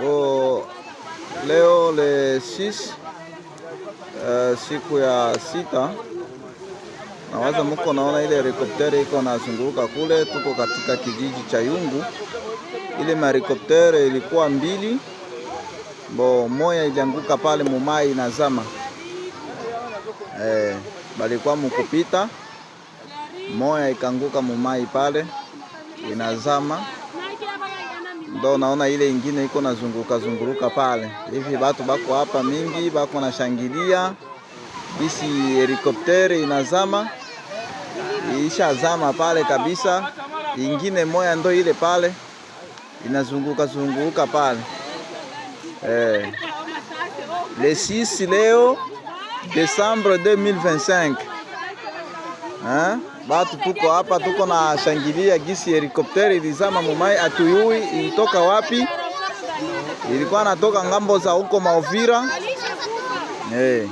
Bo, leo le 6 uh, eh, siku ya sita nawaza mko naona ile helikoptere iko nazunguruka kule. Tuko katika kijiji cha Yungu. Ile mahelikoptere ilikuwa mbili, bo moya ilianguka pale mumai inazama. Eh, balikuwa mukupita moya ikanguka mumai pale inazama ndo naona ile ingine iko nazunguka zunguruka pale hivi. Batu bako hapa mingi, bako nashangilia bisi helikoptere inazama, ishazama pale kabisa. Ingine moya ndo ile pale inazunguka zunguruka pale eh. Lesisi leo Desembre 2025 hein? Batu tuko hapa, tuko na shangilia gisi helikopteri ilizama mumai, atuyui ilitoka wapi. Ilikuwa natoka ngambo za huko Maovira. Hey. Eh.